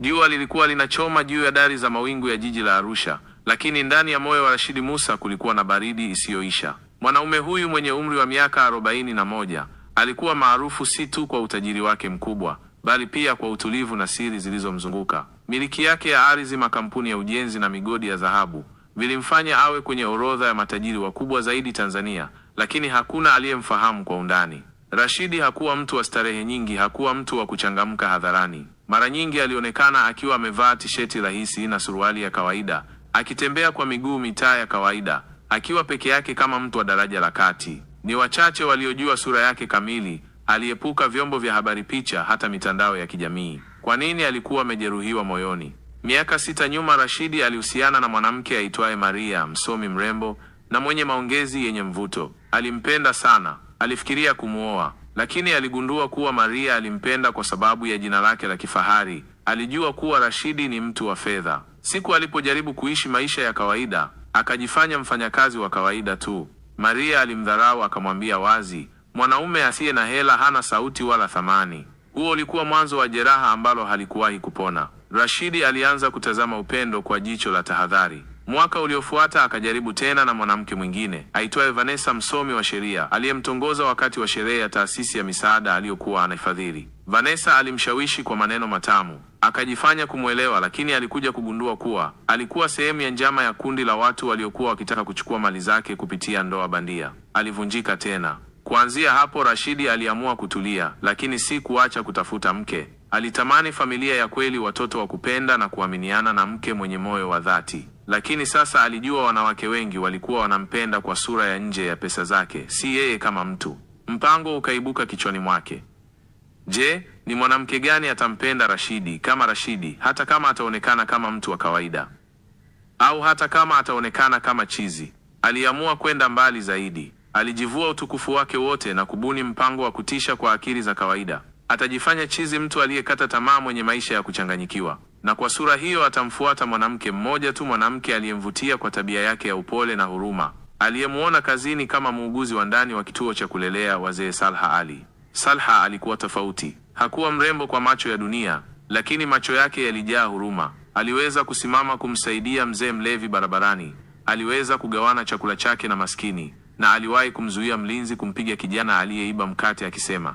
Jua lilikuwa linachoma juu ya dari za mawingu ya jiji la Arusha, lakini ndani ya moyo wa Rashidi Musa kulikuwa na baridi isiyoisha. Mwanaume huyu mwenye umri wa miaka arobaini na moja alikuwa maarufu si tu kwa utajiri wake mkubwa, bali pia kwa utulivu na siri zilizomzunguka. Miliki yake ya ardhi, makampuni ya ujenzi na migodi ya dhahabu vilimfanya awe kwenye orodha ya matajiri wakubwa zaidi Tanzania, lakini hakuna aliyemfahamu kwa undani. Rashidi hakuwa mtu wa starehe nyingi, hakuwa mtu wa kuchangamka hadharani. Mara nyingi alionekana akiwa amevaa tisheti rahisi na suruali ya kawaida, akitembea kwa miguu mitaa ya kawaida, akiwa peke yake kama mtu wa daraja la kati. Ni wachache waliojua sura yake kamili. Aliepuka vyombo vya habari, picha, hata mitandao ya kijamii. Kwa nini? Alikuwa amejeruhiwa moyoni. Miaka sita nyuma, Rashidi alihusiana na mwanamke aitwaye Maria, msomi mrembo na mwenye maongezi yenye mvuto. Alimpenda sana. Alifikiria kumuoa, lakini aligundua kuwa Maria alimpenda kwa sababu ya jina lake la kifahari. Alijua kuwa Rashidi ni mtu wa fedha. Siku alipojaribu kuishi maisha ya kawaida, akajifanya mfanyakazi wa kawaida tu. Maria alimdharau, akamwambia wazi, mwanaume asiye na hela hana sauti wala thamani. Huo ulikuwa mwanzo wa jeraha ambalo halikuwahi kupona. Rashidi alianza kutazama upendo kwa jicho la tahadhari. Mwaka uliofuata akajaribu tena na mwanamke mwingine aitwaye Vanessa, msomi wa sheria aliyemtongoza wakati wa sherehe ya taasisi ya misaada aliyokuwa anafadhili. Vanessa alimshawishi kwa maneno matamu, akajifanya kumwelewa, lakini alikuja kugundua kuwa alikuwa sehemu ya njama ya kundi la watu waliokuwa wakitaka kuchukua mali zake kupitia ndoa bandia. Alivunjika tena. Kuanzia hapo, Rashidi aliamua kutulia, lakini si kuacha kutafuta mke. Alitamani familia ya kweli, watoto wa kupenda na kuaminiana, na mke mwenye moyo wa dhati. Lakini sasa alijua wanawake wengi walikuwa wanampenda kwa sura ya nje ya pesa zake, si yeye kama mtu. Mpango ukaibuka kichwani mwake. Je, ni mwanamke gani atampenda Rashidi kama Rashidi, hata kama ataonekana kama mtu wa kawaida au hata kama ataonekana kama chizi? Aliamua kwenda mbali zaidi. Alijivua utukufu wake wote na kubuni mpango wa kutisha kwa akili za kawaida. Atajifanya chizi, mtu aliyekata tamaa, mwenye maisha ya kuchanganyikiwa, na kwa sura hiyo atamfuata mwanamke mmoja tu, mwanamke aliyemvutia kwa tabia yake ya upole na huruma, aliyemuona kazini kama muuguzi wa ndani wa kituo cha kulelea wazee Salha Ali. Salha alikuwa tofauti, hakuwa mrembo kwa macho ya dunia, lakini macho yake yalijaa huruma. Aliweza kusimama kumsaidia mzee mlevi barabarani, aliweza kugawana chakula chake na maskini, na aliwahi kumzuia mlinzi kumpiga kijana aliyeiba mkate akisema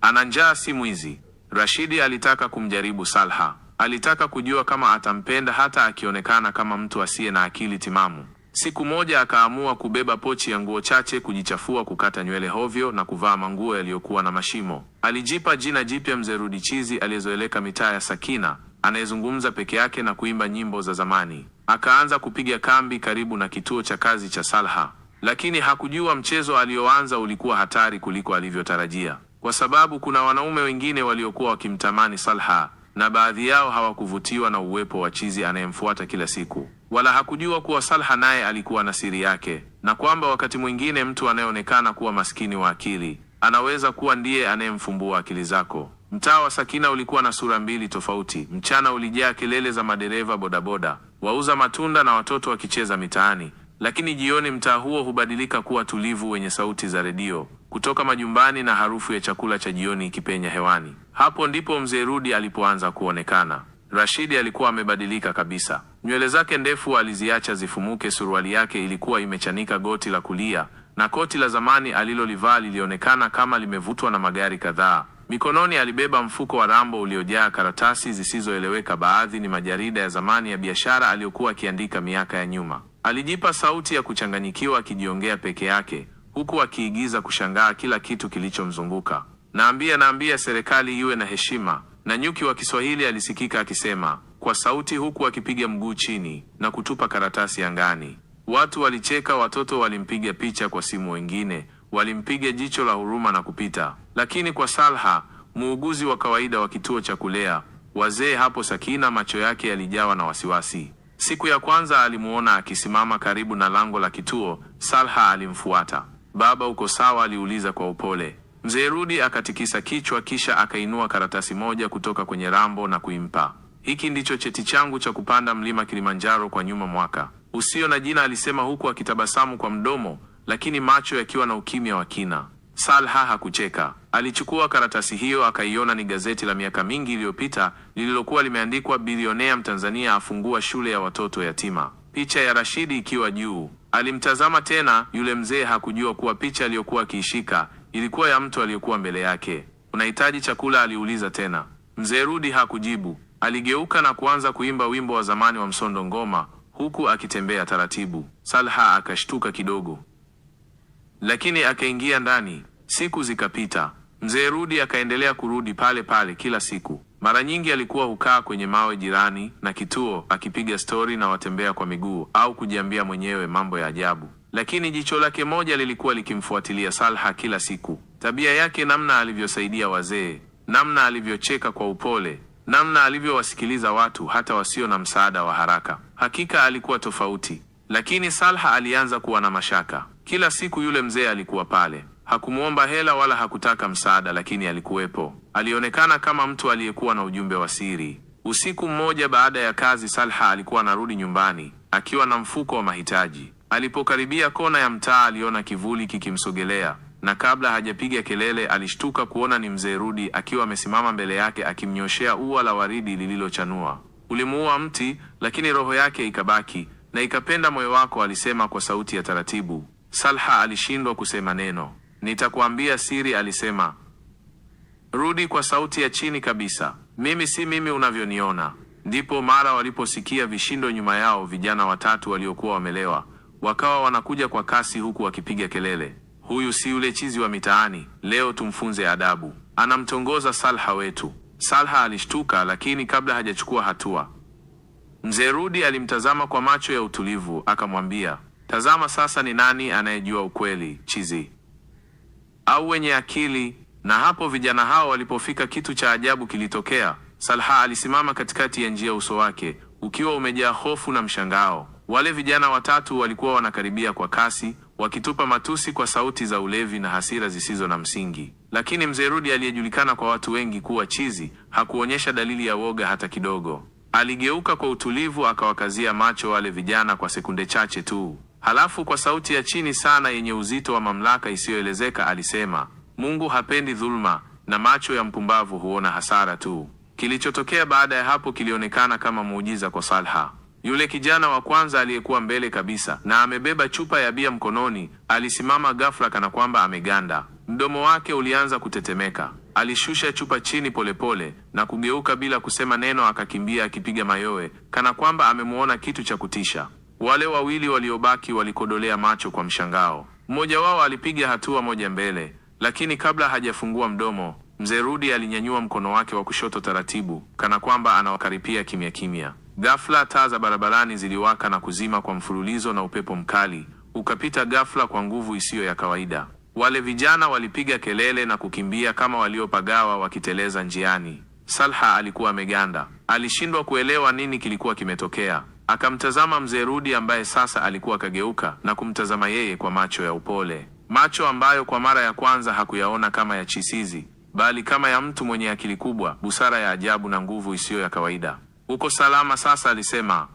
ana njaa, si mwizi. Rashidi alitaka kumjaribu Salha, alitaka kujua kama atampenda hata akionekana kama mtu asiye na akili timamu. Siku moja akaamua kubeba pochi ya nguo chache, kujichafua, kukata nywele hovyo na kuvaa manguo yaliyokuwa na mashimo. Alijipa jina jipya Mzee Chizi, aliyezoeleka mitaa ya Sakina, anayezungumza peke yake na kuimba nyimbo za zamani. Akaanza kupiga kambi karibu na kituo cha kazi cha Salha, lakini hakujua mchezo alioanza ulikuwa hatari kuliko alivyotarajia kwa sababu kuna wanaume wengine waliokuwa wakimtamani Salha, na baadhi yao hawakuvutiwa na uwepo wa chizi anayemfuata kila siku, wala hakujua kuwa Salha naye alikuwa na siri yake, na kwamba wakati mwingine mtu anayeonekana kuwa maskini wa akili anaweza kuwa ndiye anayemfumbua akili zako. Mtaa wa Sakina ulikuwa na sura mbili tofauti. Mchana ulijaa kelele za madereva bodaboda, wauza matunda na watoto wakicheza mitaani, lakini jioni mtaa huo hubadilika kuwa tulivu, wenye sauti za redio kutoka majumbani na harufu ya chakula cha jioni ikipenya hewani. Hapo ndipo mzee Rudi alipoanza kuonekana. Rashidi alikuwa amebadilika kabisa. Nywele zake ndefu aliziacha zifumuke, suruali yake ilikuwa imechanika goti la kulia, na koti la zamani alilolivaa lilionekana kama limevutwa na magari kadhaa. Mikononi alibeba mfuko wa rambo uliojaa karatasi zisizoeleweka, baadhi ni majarida ya zamani ya biashara aliyokuwa akiandika miaka ya nyuma. Alijipa sauti ya kuchanganyikiwa akijiongea peke yake, huku akiigiza kushangaa kila kitu kilichomzunguka. Naambia, naambia serikali iwe na heshima. Na nyuki wa Kiswahili alisikika akisema kwa sauti, huku akipiga mguu chini na kutupa karatasi angani. Watu walicheka, watoto walimpiga picha kwa simu, wengine walimpiga jicho la huruma na kupita. Lakini kwa Salha, muuguzi wa kawaida wa kituo cha kulea wazee hapo Sakina, macho yake yalijawa na wasiwasi. Siku ya kwanza alimuona akisimama karibu na lango la kituo. Salha alimfuata. Baba, uko sawa? aliuliza kwa upole. Mzee Rudi akatikisa kichwa, kisha akainua karatasi moja kutoka kwenye rambo na kuimpa. Hiki ndicho cheti changu cha kupanda mlima Kilimanjaro kwa nyuma mwaka usio na jina, alisema huku akitabasamu kwa mdomo, lakini macho yakiwa na ukimya wa kina. Salha hakucheka. Alichukua karatasi hiyo akaiona ni gazeti la miaka mingi iliyopita lililokuwa limeandikwa bilionea Mtanzania afungua shule ya watoto yatima, picha ya Rashidi ikiwa juu. Alimtazama tena yule mzee, hakujua kuwa picha aliyokuwa akiishika ilikuwa ya mtu aliyekuwa mbele yake. Unahitaji chakula? aliuliza tena. Mzee Rudi hakujibu. Aligeuka na kuanza kuimba wimbo wa zamani wa Msondo Ngoma huku akitembea taratibu. Salha akashtuka kidogo, lakini akaingia ndani. Siku zikapita, mzee Rudi akaendelea kurudi pale pale kila siku. Mara nyingi alikuwa hukaa kwenye mawe jirani na kituo akipiga stori na watembea kwa miguu au kujiambia mwenyewe mambo ya ajabu, lakini jicho lake moja lilikuwa likimfuatilia Salha kila siku. Tabia yake, namna alivyosaidia wazee, namna alivyocheka kwa upole, namna alivyowasikiliza watu hata wasio na msaada wa haraka. Hakika alikuwa tofauti, lakini Salha alianza kuwa na mashaka. Kila siku yule mzee alikuwa pale Hakumwomba hela wala hakutaka msaada, lakini alikuwepo. Alionekana kama mtu aliyekuwa na ujumbe wa siri. Usiku mmoja baada ya kazi, Salha alikuwa anarudi nyumbani akiwa na mfuko wa mahitaji. Alipokaribia kona ya mtaa, aliona kivuli kikimsogelea, na kabla hajapiga kelele, alishtuka kuona ni mzee Rudi akiwa amesimama mbele yake akimnyoshea ua la waridi lililochanua. Ulimuua mti, lakini roho yake ikabaki na ikapenda moyo wako, alisema kwa sauti ya taratibu. Salha alishindwa kusema neno. Nitakuambia siri, alisema. Rudi kwa sauti ya chini kabisa. Mimi si mimi unavyoniona. Ndipo mara waliposikia vishindo nyuma yao, vijana watatu waliokuwa wamelewa wakawa wanakuja kwa kasi, huku wakipiga kelele, huyu si yule chizi wa mitaani, leo tumfunze adabu, anamtongoza Salha wetu. Salha alishtuka, lakini kabla hajachukua hatua, mzee Rudi alimtazama kwa macho ya utulivu, akamwambia, tazama sasa, ni nani anayejua ukweli, chizi? au wenye akili. Na hapo vijana hao walipofika, kitu cha ajabu kilitokea. Salha alisimama katikati ya njia, uso wake ukiwa umejaa hofu na mshangao. Wale vijana watatu walikuwa wanakaribia kwa kasi, wakitupa matusi kwa sauti za ulevi na hasira zisizo na msingi. Lakini mzee Rudi aliyejulikana kwa watu wengi kuwa chizi hakuonyesha dalili ya woga hata kidogo. Aligeuka kwa utulivu, akawakazia macho wale vijana kwa sekunde chache tu. Halafu kwa sauti ya chini sana yenye uzito wa mamlaka isiyoelezeka alisema, Mungu hapendi dhuluma na macho ya mpumbavu huona hasara tu. Kilichotokea baada ya hapo kilionekana kama muujiza kwa Salha. Yule kijana wa kwanza aliyekuwa mbele kabisa na amebeba chupa ya bia mkononi alisimama ghafla, kana kwamba ameganda. Mdomo wake ulianza kutetemeka. Alishusha chupa chini polepole pole, na kugeuka bila kusema neno, akakimbia akipiga mayowe, kana kwamba amemwona kitu cha kutisha. Wale wawili waliobaki walikodolea macho kwa mshangao. Mmoja wao alipiga hatua moja mbele, lakini kabla hajafungua mdomo, mzee Rudi alinyanyua mkono wake wa kushoto taratibu, kana kwamba anawakaripia kimya kimya. Ghafla taa za barabarani ziliwaka na kuzima kwa mfululizo, na upepo mkali ukapita ghafla kwa nguvu isiyo ya kawaida. Wale vijana walipiga kelele na kukimbia kama waliopagawa, wakiteleza njiani. Salha alikuwa ameganda, alishindwa kuelewa nini kilikuwa kimetokea. Akamtazama mzee Rudi ambaye sasa alikuwa akageuka na kumtazama yeye kwa macho ya upole, macho ambayo kwa mara ya kwanza hakuyaona kama ya chisizi, bali kama ya mtu mwenye akili kubwa, busara ya ajabu na nguvu isiyo ya kawaida. Uko salama sasa, alisema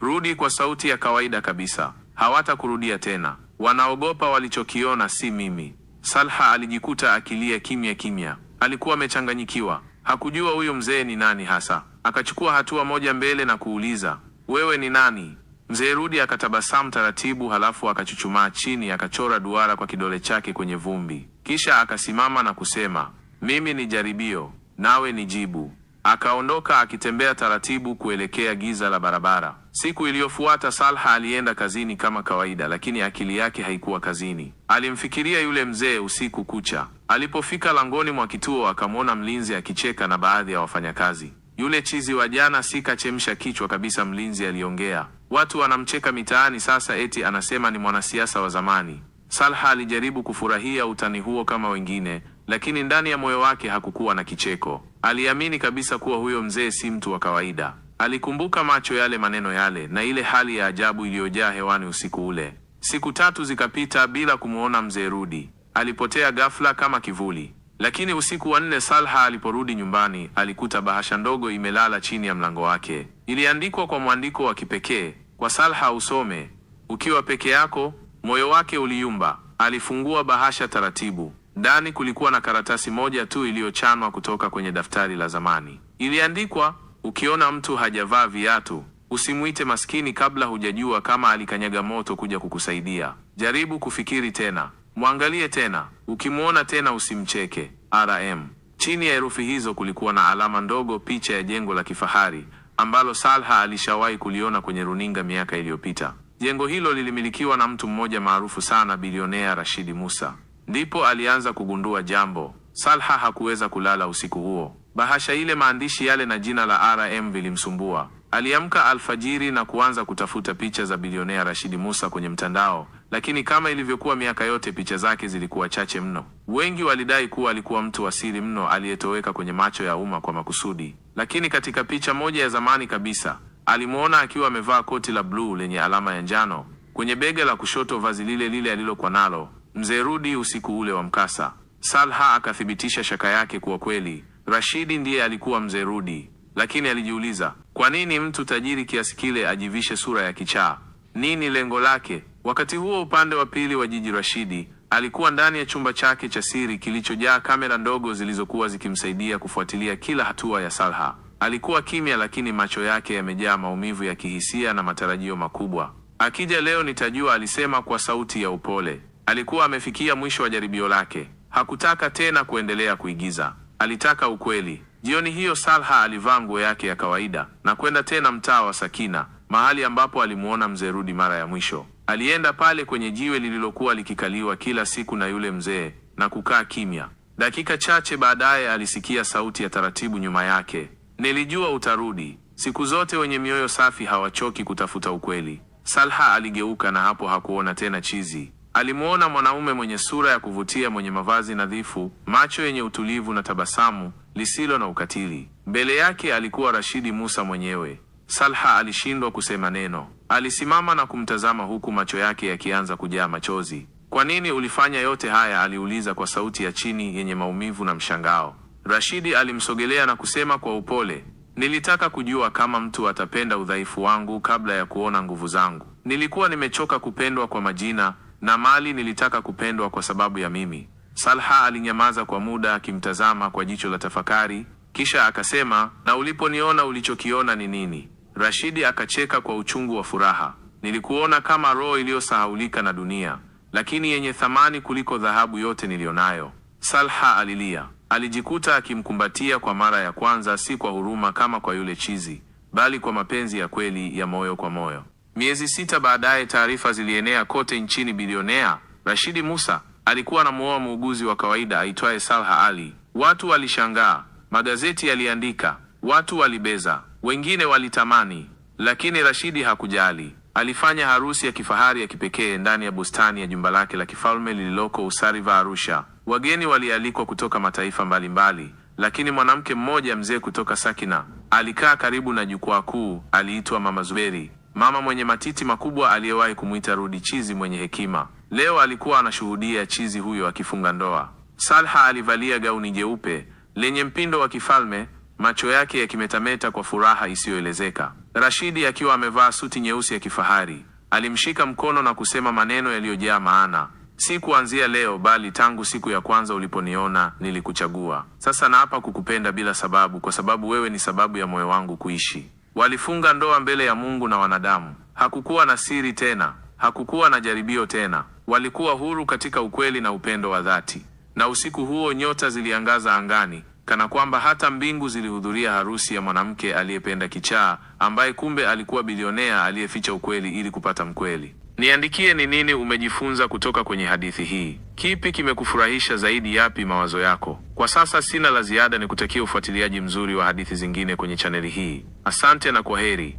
Rudi kwa sauti ya kawaida kabisa. Hawatakurudia tena, wanaogopa walichokiona, si mimi. Salha alijikuta akilia kimya kimya. Alikuwa amechanganyikiwa, hakujua huyu mzee ni nani hasa. Akachukua hatua moja mbele na kuuliza, wewe ni nani? Mzee Rudi akatabasamu taratibu, halafu akachuchumaa chini, akachora duara kwa kidole chake kwenye vumbi, kisha akasimama na kusema, mimi ni jaribio, nawe ni jibu. Akaondoka akitembea taratibu kuelekea giza la barabara. Siku iliyofuata Salha alienda kazini kama kawaida, lakini akili yake haikuwa kazini. Alimfikiria yule mzee usiku kucha. Alipofika langoni mwa kituo, akamwona mlinzi akicheka na baadhi ya wafanyakazi. Yule chizi wa jana si kachemsha kichwa kabisa, mlinzi aliongea. Watu wanamcheka mitaani sasa, eti anasema ni mwanasiasa wa zamani. Salha alijaribu kufurahia utani huo kama wengine, lakini ndani ya moyo wake hakukuwa na kicheko. Aliamini kabisa kuwa huyo mzee si mtu wa kawaida. Alikumbuka macho yale, maneno yale, na ile hali ya ajabu iliyojaa hewani usiku ule. Siku tatu zikapita bila kumwona mzee Rudi. Alipotea ghafla kama kivuli. Lakini usiku wa nne, Salha aliporudi nyumbani, alikuta bahasha ndogo imelala chini ya mlango wake. Iliandikwa kwa mwandiko wa kipekee, kwa Salha usome. Ukiwa peke yako. Moyo wake uliyumba. Alifungua bahasha taratibu. Ndani kulikuwa na karatasi moja tu iliyochanwa kutoka kwenye daftari la zamani. Iliandikwa, ukiona mtu hajavaa viatu usimwite maskini kabla hujajua kama alikanyaga moto kuja kukusaidia. Jaribu kufikiri tena. Mwangalie tena, ukimwona tena usimcheke. RM. Chini ya herufi hizo kulikuwa na alama ndogo, picha ya jengo la kifahari ambalo Salha alishawahi kuliona kwenye runinga miaka iliyopita. Jengo hilo lilimilikiwa na mtu mmoja maarufu sana, bilionea Rashidi Musa. Ndipo alianza kugundua jambo. Salha hakuweza kulala usiku huo. Bahasha ile, maandishi yale na jina la RM vilimsumbua. Aliamka alfajiri na kuanza kutafuta picha za bilionea Rashidi Musa kwenye mtandao lakini kama ilivyokuwa miaka yote, picha zake zilikuwa chache mno. Wengi walidai kuwa alikuwa mtu wa siri mno aliyetoweka kwenye macho ya umma kwa makusudi, lakini katika picha moja ya zamani kabisa alimwona akiwa amevaa koti la bluu lenye alama ya njano kwenye bega la kushoto, vazi lile lile alilokuwa nalo mzee Rudi usiku ule wa mkasa. Salha akathibitisha shaka yake kuwa kweli Rashidi ndiye alikuwa mzee Rudi, lakini alijiuliza kwa nini mtu tajiri kiasi kile ajivishe sura ya kichaa? Nini lengo lake? Wakati huo upande wa pili wa jiji, Rashidi alikuwa ndani ya chumba chake cha siri kilichojaa kamera ndogo zilizokuwa zikimsaidia kufuatilia kila hatua ya Salha. Alikuwa kimya, lakini macho yake yamejaa maumivu ya kihisia na matarajio makubwa. Akija leo nitajua, alisema kwa sauti ya upole. Alikuwa amefikia mwisho wa jaribio lake. Hakutaka tena kuendelea kuigiza, alitaka ukweli. Jioni hiyo Salha alivaa nguo yake ya kawaida na kwenda tena mtaa wa Sakina, mahali ambapo alimuona mzee Rudi mara ya mwisho. Alienda pale kwenye jiwe lililokuwa likikaliwa kila siku na yule mzee na kukaa kimya. Dakika chache baadaye alisikia sauti ya taratibu nyuma yake. Nilijua utarudi. Siku zote wenye mioyo safi hawachoki kutafuta ukweli. Salha aligeuka na hapo hakuona tena chizi. Alimuona mwanaume mwenye sura ya kuvutia, mwenye mavazi nadhifu, macho yenye utulivu na tabasamu lisilo na ukatili. Mbele yake alikuwa Rashidi Musa mwenyewe. Salha alishindwa kusema neno. Alisimama na kumtazama huku macho yake yakianza kujaa machozi. Kwa nini ulifanya yote haya? aliuliza kwa sauti ya chini yenye maumivu na mshangao. Rashidi alimsogelea na kusema kwa upole, nilitaka kujua kama mtu atapenda udhaifu wangu kabla ya kuona nguvu zangu. Nilikuwa nimechoka kupendwa kwa majina na mali, nilitaka kupendwa kwa sababu ya mimi. Salha alinyamaza kwa muda akimtazama kwa jicho la tafakari, kisha akasema, na uliponiona ulichokiona ni nini? Rashidi akacheka kwa uchungu wa furaha. Nilikuona kama roho iliyosahaulika na dunia, lakini yenye thamani kuliko dhahabu yote niliyonayo. Salha alilia. Alijikuta akimkumbatia kwa mara ya kwanza, si kwa huruma kama kwa yule chizi, bali kwa mapenzi ya kweli ya moyo kwa moyo. Miezi sita baadaye, taarifa zilienea kote nchini. Bilionea Rashidi Musa alikuwa anamuoa muuguzi wa kawaida aitwaye Salha Ali. Watu walishangaa, magazeti yaliandika, watu walibeza. Wengine walitamani, lakini Rashidi hakujali. Alifanya harusi ya kifahari ya kipekee ndani ya bustani ya jumba lake la kifalme lililoko Usariva, Arusha. Wageni walialikwa kutoka mataifa mbalimbali, lakini mwanamke mmoja mzee kutoka Sakina alikaa karibu na jukwaa kuu. Aliitwa Mama Zuberi, mama mwenye matiti makubwa aliyewahi kumwita Rudi chizi mwenye hekima. Leo alikuwa anashuhudia chizi huyo akifunga ndoa. Salha alivalia gauni jeupe lenye mpindo wa kifalme macho yake yakimetameta kwa furaha isiyoelezeka. Rashidi akiwa amevaa suti nyeusi ya kifahari alimshika mkono na kusema maneno yaliyojaa maana. Si kuanzia leo, bali tangu siku ya kwanza uliponiona nilikuchagua. Sasa naapa kukupenda bila sababu, kwa sababu wewe ni sababu ya moyo wangu kuishi. Walifunga ndoa mbele ya Mungu na wanadamu. Hakukuwa na siri tena, hakukuwa na jaribio tena. Walikuwa huru katika ukweli na upendo wa dhati. Na usiku huo nyota ziliangaza angani, kana kwamba hata mbingu zilihudhuria harusi ya mwanamke aliyependa kichaa, ambaye kumbe alikuwa bilionea aliyeficha ukweli ili kupata mkweli. Niandikie ni nini umejifunza kutoka kwenye hadithi hii. Kipi kimekufurahisha zaidi? Yapi mawazo yako? Kwa sasa sina la ziada, ni kutakia ufuatiliaji mzuri wa hadithi zingine kwenye chaneli hii. Asante na kwa heri